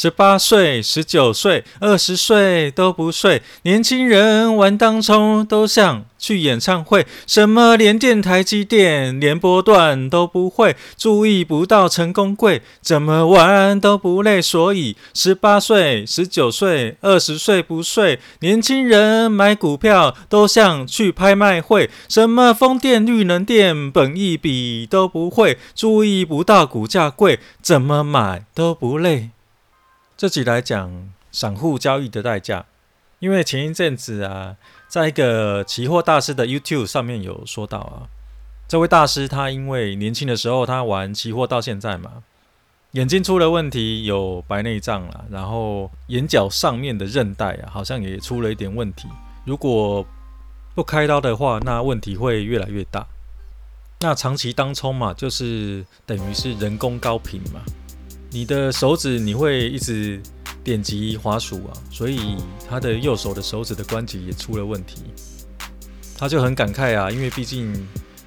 十八歲、十九歲、二十歲都不睡，年輕人玩當沖都像去演唱會，什麼聯電台積電、連波段都不會，注意不到成功貴，怎麼玩都不累。所以十八歲、十九歲、二十歲不睡，年輕人買股票都像去拍賣會，什麼風電、綠能、電本益比都不會，注意不到股價貴，怎麼買都不累。這集來講散戶交易的代價，因為前一陣子啊，在一個期貨大師的 YouTube 上面有說到啊，這位大師他因為年輕的時候他玩期貨到現在嘛，眼睛出了問題，有白內障了，然後眼角上面的韌帶啊，好像也出了一點問題。如果不開刀的話，那問題會越來越大。那長期當沖嘛，就是等於是人工高頻嘛。你的手指你會一直點擊滑鼠啊，所以他的右手的手指的關節也出了問題，他就很感慨啊，因為畢竟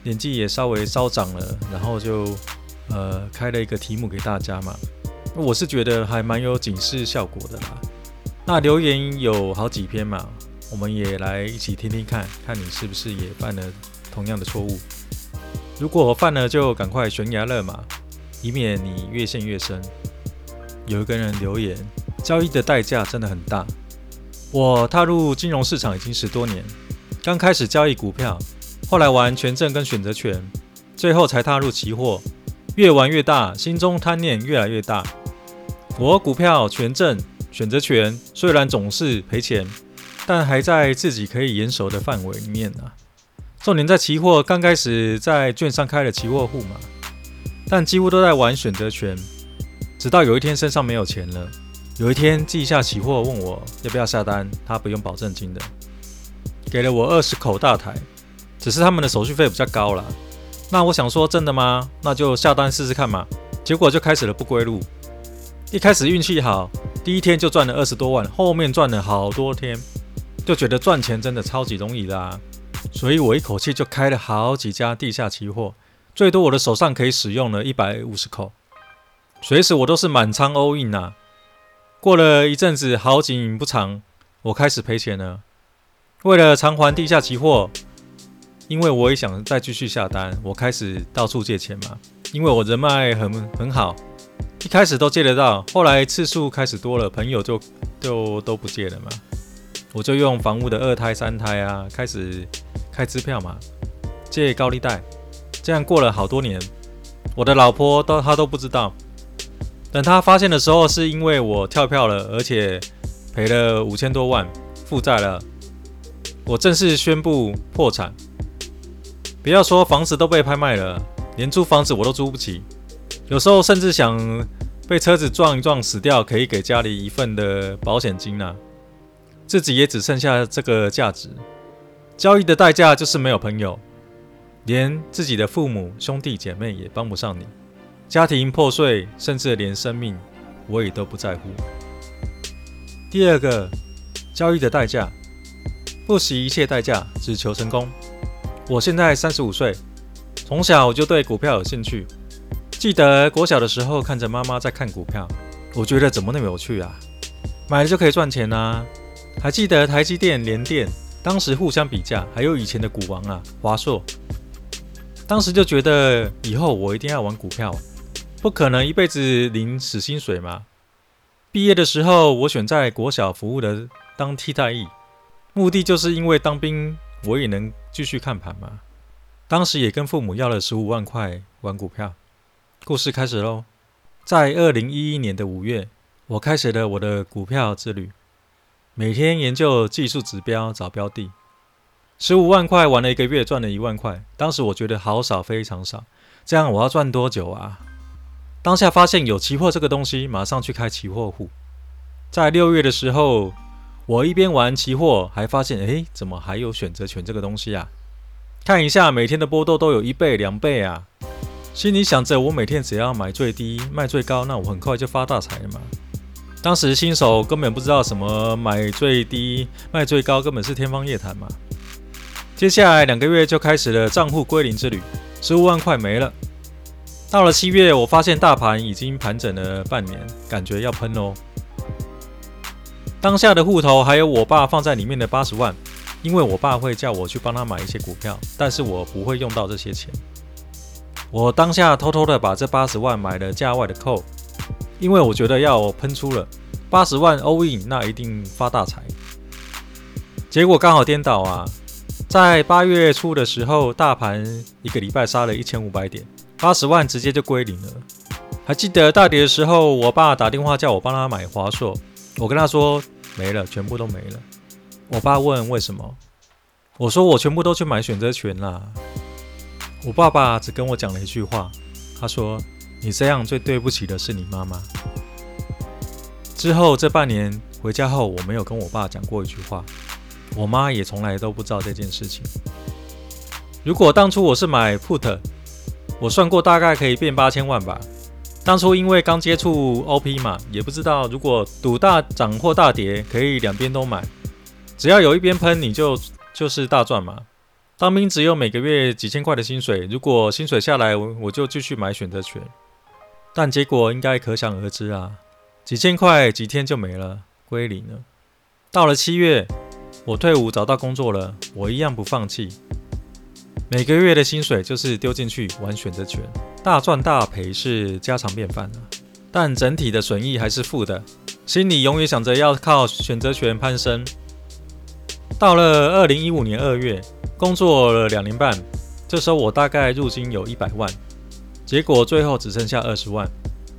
年紀也稍微稍長了，然後就呃開了一個題目給大家嘛，我是覺得還蠻有警示效果的啦。那留言有好幾篇嘛，我們也來一起聽聽看，看你是不是也犯了同樣的錯誤，如果犯了就趕快懸崖勒馬，以免你越陷越深。有一個人留言：“交易的代價真的很大。我踏入金融市場已經十多年，剛開始交易股票，後來玩權證跟選擇權，最後才踏入期貨。越玩越大，心中貪念越來越大。我股票、權證、選擇權雖然總是賠錢，但還在自己可以嚴守的範圍裡面啊。重點在期貨，剛開始在券商開了期貨戶嘛，但幾乎都在玩選擇權。”直到有一天身上沒有錢了，有一天地下期貨問我要不要下單，他不用保證金的，給了我二十口大台，只是他們的手續費比較高啦。那我想說真的嗎？那就下單試試看嘛。結果就開始了不歸路。一開始運氣好，第一天就賺了二十多萬，後面賺了好多天，就覺得賺錢真的超級容易啦啊。所以我一口氣就開了好幾家地下期貨，最多我的手上可以使用了一百五十口。隨時我都是滿倉 all in 啊，過了一陣子，好景不長，我開始賠錢了。為了償還地下期貨，因為我也想再繼續下單，我開始到處借錢嘛。因為我人脈很很好，一開始都借得到，後來次數開始多了，朋友就就，就都不借了嘛。我就用房屋的二胎、三胎啊，開始開支票嘛，借高利貸。這樣過了好多年，我的老婆都她都不知道。等他發現的時候，是因為我跳票了，而且賠了五千多萬，負債了。我正式宣布破產。不要說房子都被拍賣了，連租房子我都租不起。有時候甚至想被車子撞一撞死掉，可以給家裡一份的保險金啊。自己也只剩下這個價值。交易的代價就是沒有朋友，連自己的父母、兄弟姐妹也幫不上你。家庭破碎，甚至連生命我也都不在乎。第二個，交易的代價，不惜一切代價，只求成功。我現在三十五歲，從小就對股票有興趣。記得國小的時候，看着媽媽在看股票，我覺得怎麼那麼有趣啊？買了就可以賺錢啊！還記得台積電、聯電，當時互相比較，還有以前的股王啊，華碩。當時就覺得以後我一定要玩股票。不可能一輩子領死薪水嘛。畢業的時候，我選在國小服務的當替代役，目的就是因為當兵我也能繼續看盤嘛。當時也跟父母要了十五萬塊玩股票。故事開始嘍，在二零一一年的五月，我開始了我的股票之旅，每天研究技術指標找標的，十五萬塊玩了一個月賺了一萬塊，當時我覺得好少，非常少，這樣我要賺多久啊？當下發現有期貨這個東西，馬上去開期貨戶。在六月的時候，我一邊玩期貨，還發現，誒，怎麼還有選擇權這個東西啊？看一下每天的波動都有一倍、兩倍啊！心裡想着，我每天只要買最低、賣最高，那我很快就發大財了嘛。當時新手根本不知道什麼買最低、賣最高，根本是天方夜譚嘛。接下來兩個月就開始了賬戶歸零之旅，十五萬塊沒了。到了七月，我發現大盤已經盤整了半年，感覺要噴哦。當下的戶頭還有我爸放在裡面的八十萬，因為我爸會叫我去幫他買一些股票，但是我不會用到這些錢。我當下偷偷的把這八十萬買了價外的扣，因為我覺得要噴出了，八十萬歐印，那一定發大財。結果剛好顛倒啊，在八月初的時候，大盤一個禮拜殺了一千五百點。八十萬直接就歸零了。還記得大跌的時候，我爸打電話叫我幫他買華碩，我跟他說沒了，全部都沒了。我爸問為什麼，我說我全部都去買選擇權啦。我爸爸只跟我講了一句話，他說你這樣最對不起的是你媽媽。之後這半年回家後，我沒有跟我爸講過一句話，我媽也從來都不知道這件事情。如果當初我是買 put。我算過，大概可以變八千萬吧。當初因為剛接觸 OP 嘛，也不知道如果賭大漲或大跌，可以兩邊都買。只要有一邊噴，你就就是大賺嘛。當兵只有每個月幾千塊的薪水，如果薪水下來，我就繼續買選擇權。但結果應該可想而知啊，幾千塊幾天就沒了，歸零了。到了七月，我退伍找到工作了，我一樣不放棄。每個月的薪水就是丟進去玩選擇權，大賺大賠是家常便飯啊。但整體的損益還是負的，心裡永遠想着要靠選擇權攀升。到了二零一五年二月，工作了兩年半，這時候我大概入金有一百萬，結果最後只剩下二十萬。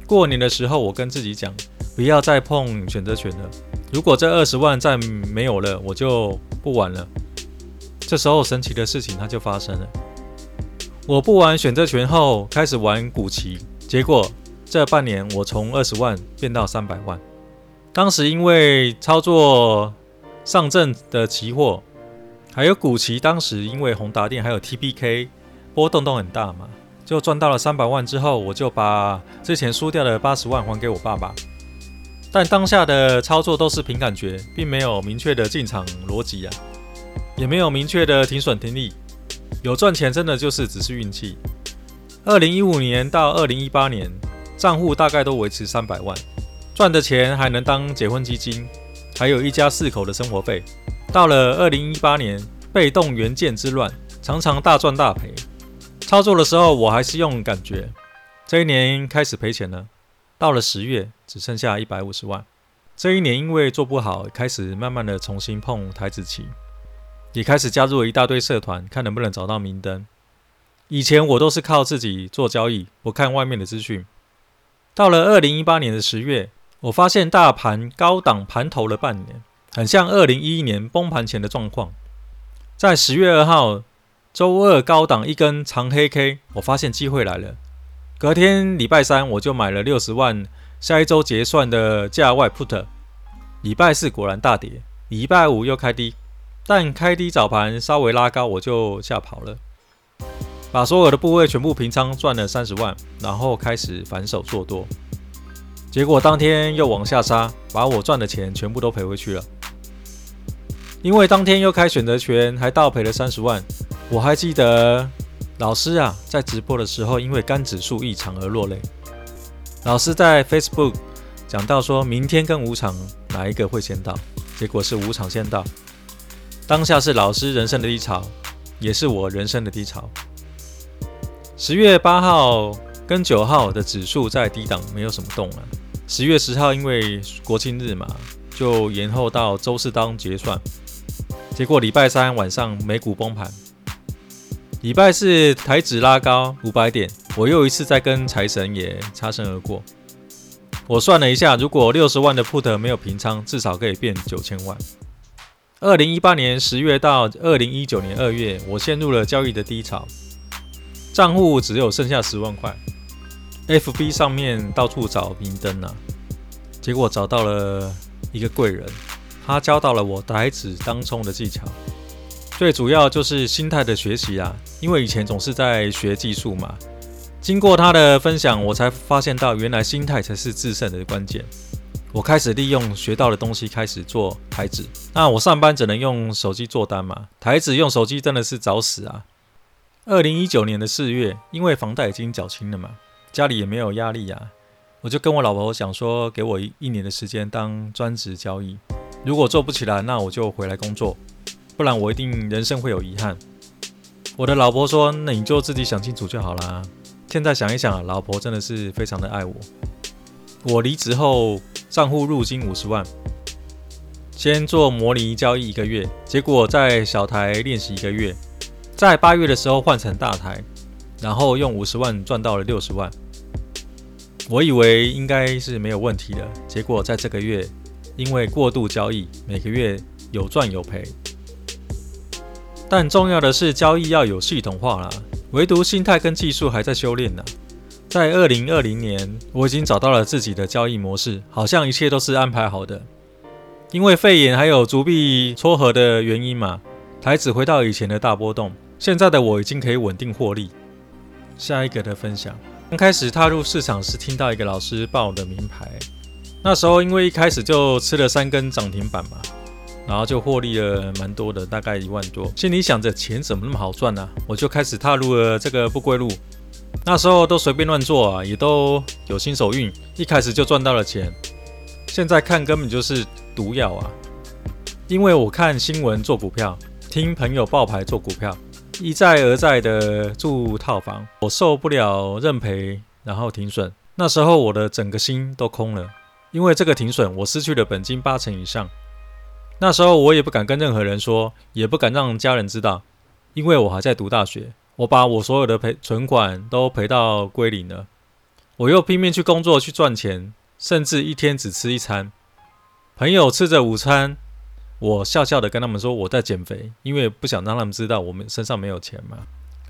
過年的時候，我跟自己講，不要再碰選擇權了。如果這二十萬再沒有了，我就不玩了。這時候神奇的事情它就發生了。我不玩選擇權後，開始玩股期，結果這半年我從二十萬變到三百萬。當時因為操作上證的期貨，還有股期，當時因為宏達電還有 TPK 波動都很大嘛，就賺到了三百萬之後，我就把之前輸掉的八十萬還給我爸爸。但當下的操作都是憑感覺，並沒有明確的進場邏輯啊。也沒有明確的停損停利，有賺錢真的就是只是運氣。二零一五年到二零一八年，賬戶大概都維持三百萬，賺的錢還能當結婚基金，還有一家四口的生活費。到了二零一八年，被動元件之亂，常常大賺大賠。操作的時候我還是用感覺，這一年開始賠錢了。到了十月，只剩下一百五十萬。這一年因為做不好，開始慢慢的重新碰台指期。也開始加入了一大堆社團，看能不能找到明燈。以前我都是靠自己做交易，不看外面的資訊。到了二零一八年的十月，我發現大盤高檔盤頭了半年，很像二零一一年崩盤前的狀況。在十月二號，周二高檔一根長黑 K，我發現機會來了。隔天禮拜三，我就買了六十萬下一周結算的價外 put。禮拜四果然大跌，禮拜五又開低。但開低早盤稍微拉高，我就嚇跑了，把所有的部位全部平倉，賺了三十萬，然後開始反手做多，結果當天又往下殺，把我賺的錢全部都賠回去了。因為當天又開選擇權，還倒賠了三十萬。我還記得老師啊，在直播的時候因為肝指數異常而落淚。老師在 Facebook 講到，說明天跟無常哪一個會先到？結果是無常先到。當下是老師人生的低潮，也是我人生的低潮。十月八號跟九號的指數在低檔，沒有什麼動了。十月十號因為國慶日嘛，就延後到周四當結算。結果禮拜三晚上美股崩盤，禮拜四台指拉高五百點，我又一次再跟財神也擦身而過。我算了一下，如果六十萬的 put 沒有平倉，至少可以變九千萬。二零一八年十月到二零一九年二月，我陷入了交易的低潮，賬戶只有剩下十萬塊。FB 上面到處找明燈啊，結果找到了一個貴人，他教到了我台指當沖的技巧，最主要就是心態的學習啊，因為以前總是在學技術嘛，經過他的分享，我才發現到原來心態才是制勝的關鍵。我開始利用學到的東西開始做台指。那我上班只能用手機做單嘛，台指用手機真的是找死啊！二零一九年的四月，因為房貸已經繳清了嘛，家裡也沒有壓力啊，我就跟我老婆想說，給我一一年的時間當專職交易，如果做不起來，那我就回來工作，不然我一定人生會有遺憾。我的老婆說：“那你就自己想清楚就好啦。”現在想一想啊，老婆真的是非常的愛我。我離職後。賬戶入金五十萬，先做模擬交易一個月，結果在小台練習一個月，在八月的時候換成大台，然後用五十萬賺到了六十萬。我以為應該是沒有問題的，結果在這個月因為過度交易，每個月有賺有賠。但重要的是交易要有系統化啦，唯獨心態跟技術還在修煉呢。在二零二零年，我已經找到了自己的交易模式，好像一切都是安排好的。因為肺炎還有逐筆撮合的原因嘛，台指回到以前的大波動。現在的我已經可以穩定獲利。下一個的分享，剛開始踏入市場時，聽到一個老師報的名牌，那時候因為一開始就吃了三根漲停板嘛，然後就獲利了蠻多的，大概一萬多。心裡想着錢怎麼那麼好賺呢、啊？我就開始踏入了這個不歸路。那時候都隨便亂做啊，也都有新手運，一開始就賺到了錢。現在看根本就是毒藥啊！因為我看新聞做股票，聽朋友報牌做股票，一再而再的住套房，我受不了認賠，然後停損。那時候我的整個心都空了，因為這個停損，我失去了本金八成以上。那時候我也不敢跟任何人說，也不敢讓家人知道，因為我還在讀大學。我把我所有的賠存款都賠到歸零了，我又拼命去工作去賺錢，甚至一天只吃一餐。朋友吃着午餐，我笑笑的跟他們說：“我在減肥，因為不想讓他們知道我們身上沒有錢嘛。”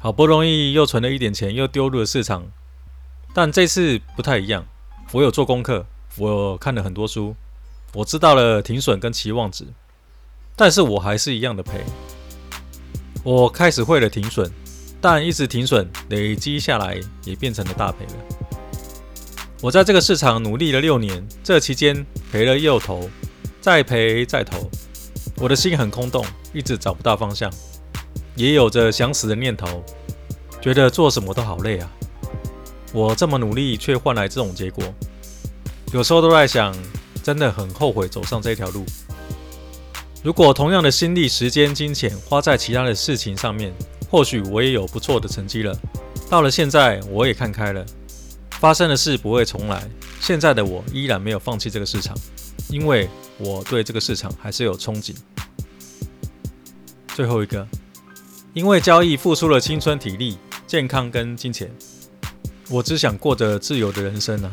好不容易又存了一點錢，又丟入了市場。但這次不太一樣，我有做功課，我看了很多書，我知道了停損跟期望值，但是我還是一樣的賠。我開始會了停損。但一直停損，累積下來也變成了大賠了。我在這個市場努力了六年，這期間賠了又投，再賠再投，我的心很空洞，一直找不到方向，也有着想死的念頭，覺得做什麼都好累啊。我這麼努力，卻換來這種結果，有時候都在想，真的很後悔走上這條路。如果同樣的心力、時間、金錢花在其他的事情上面，或許我也有不錯的成績了。到了現在，我也看開了，發生的事不會重來。現在的我依然沒有放棄這個市場，因為我對這個市場還是有憧憬。最後一個，因為交易付出了青春、體力、健康跟金錢，我只想過着自由的人生啊！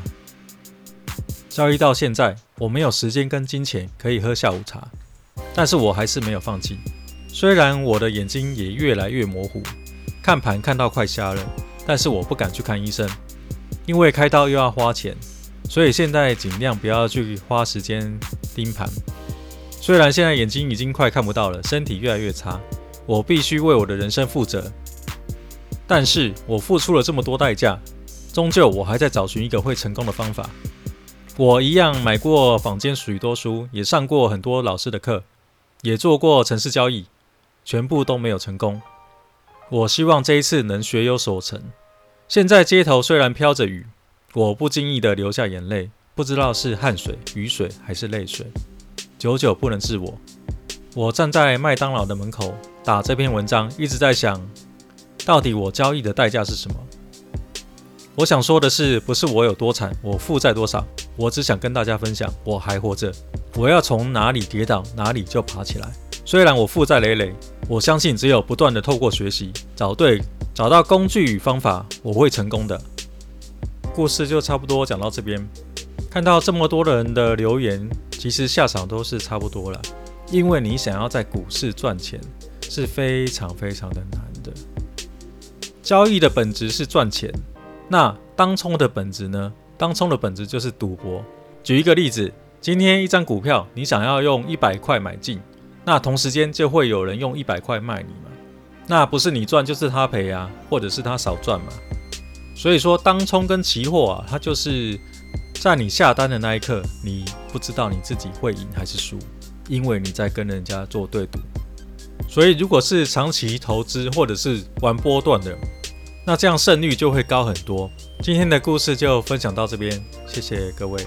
交易到現在，我沒有時間跟金錢可以喝下午茶，但是我還是沒有放棄。雖然我的眼睛也越來越模糊，看盤看到快瞎了，但是我不敢去看醫生，因為開刀又要花錢，所以現在盡量不要去花時間盯盤。雖然現在眼睛已經快看不到了，身體越來越差，我必須為我的人生負責。但是我付出了這麼多代價，終究我還在找尋一個會成功的方法。我一樣買過坊間許多書，也上過很多老師的課，也做過程式交易。全部都沒有成功。我希望這一次能學有所成。現在街頭雖然飄着雨，我不經意地流下眼淚，不知道是汗水、雨水還是淚水，久久不能自我。我站在麥當勞的門口打這篇文章，一直在想，到底我交易的代價是什麼？我想說的是，不是我有多慘，我負債多少，我只想跟大家分享，我還活着。我要從哪裡跌倒，哪裡就爬起來。雖然我負債累累，我相信只有不斷的透過學習，找對找到工具與方法，我會成功的。故事就差不多講到這邊。看到這麼多人的留言，其實下場都是差不多了，因為你想要在股市賺錢是非常非常的難的。交易的本質是賺錢，那當沖的本質呢？當沖的本質就是賭博。舉一個例子，今天一張股票，你想要用一百塊買進。那同時間就會有人用一百塊賣你嘛，那不是你賺就是他賠啊，或者是他少賺嘛。所以說，當沖跟期貨啊，它就是在你下單的那一刻，你不知道你自己會贏還是輸，因為你在跟人家做對賭。所以，如果是長期投資或者是玩波段的，那這樣勝率就會高很多。今天的故事就分享到這邊，謝謝各位。